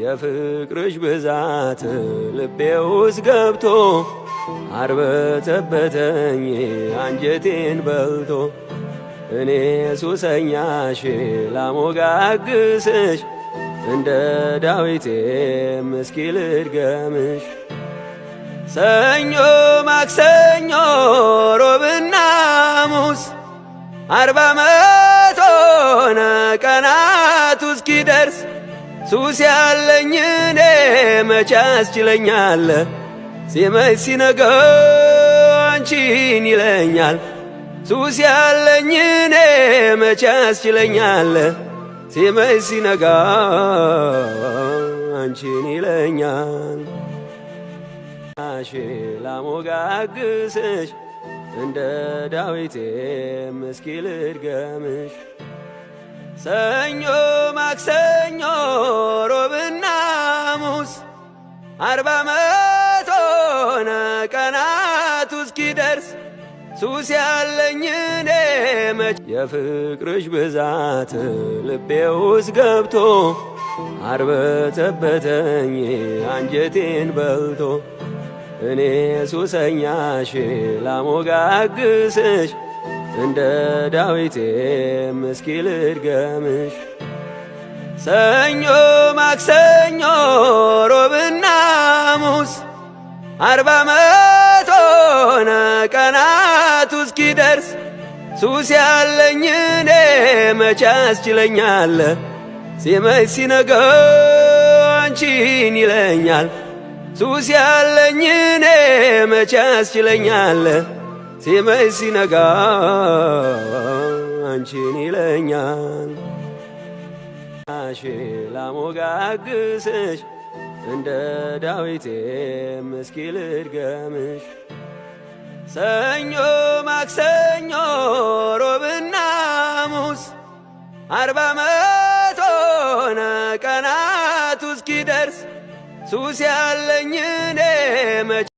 የፍቅርሽ ብዛት ልቤ ውስጥ ገብቶ አርበተበተኝ አንጀቴን በልቶ እኔ ሱሰኛሽ ላሞጋግስሽ እንደ ዳዊቴ ምስኪ ልድገምሽ ሰኞ፣ ማክሰኞ፣ ሮብና ሙስ አርባ መቶነ ቀናቱ እስኪደርስ ሱስ ያለኝ እኔ መቼ ያስችለኛል? ሲመሽ ሲነጋ አንቺን ይለኛል። ሱስ ያለኝ እኔ መቼ ያስችለኛል? ሲመሽ ሲነጋ አንቺን ይለኛል። አሽ ላሞጋግስሽ እንደ ዳዊቴ ምስኪ ልድገምሽ ሰኞ ማክሰኞ፣ ሮብና ሐሙስ አርባ መቶ ሆነ ቀናቱ እስኪደርስ ሱስ ያለኝ እኔ መች የፍቅርሽ ብዛት ልቤ ውስጥ ገብቶ አርበተበተኝ አንጀቴን በልቶ እኔ ሱሰኛሽ ላሞጋግስሽ እንደ ዳዊቴ ምስኪ ልድገምሽ ሰኞ፣ ማክሰኞ፣ ሮብና ሙስ አርባ መቶ ሆነ ቀናቱ እስኪደርስ ሱስ ያለኝ እኔ መቼ ያስችለኛል? ሲመሽ ሲነጋ አንቺን ይለኛል። ሱስ ያለኝ እኔ መቼ ያስችለኛል? ሲመሽ ሲነጋ ላበራሽ ላሞጋግስሽ እንደ ዳዊቴ ምስኪ ልድገምሽ ሰኞ ማክሰኞ ሮብና ሙስ አርባ መቶነ ቀናቱ እስኪደርስ ሱስ ያለኝ እኔ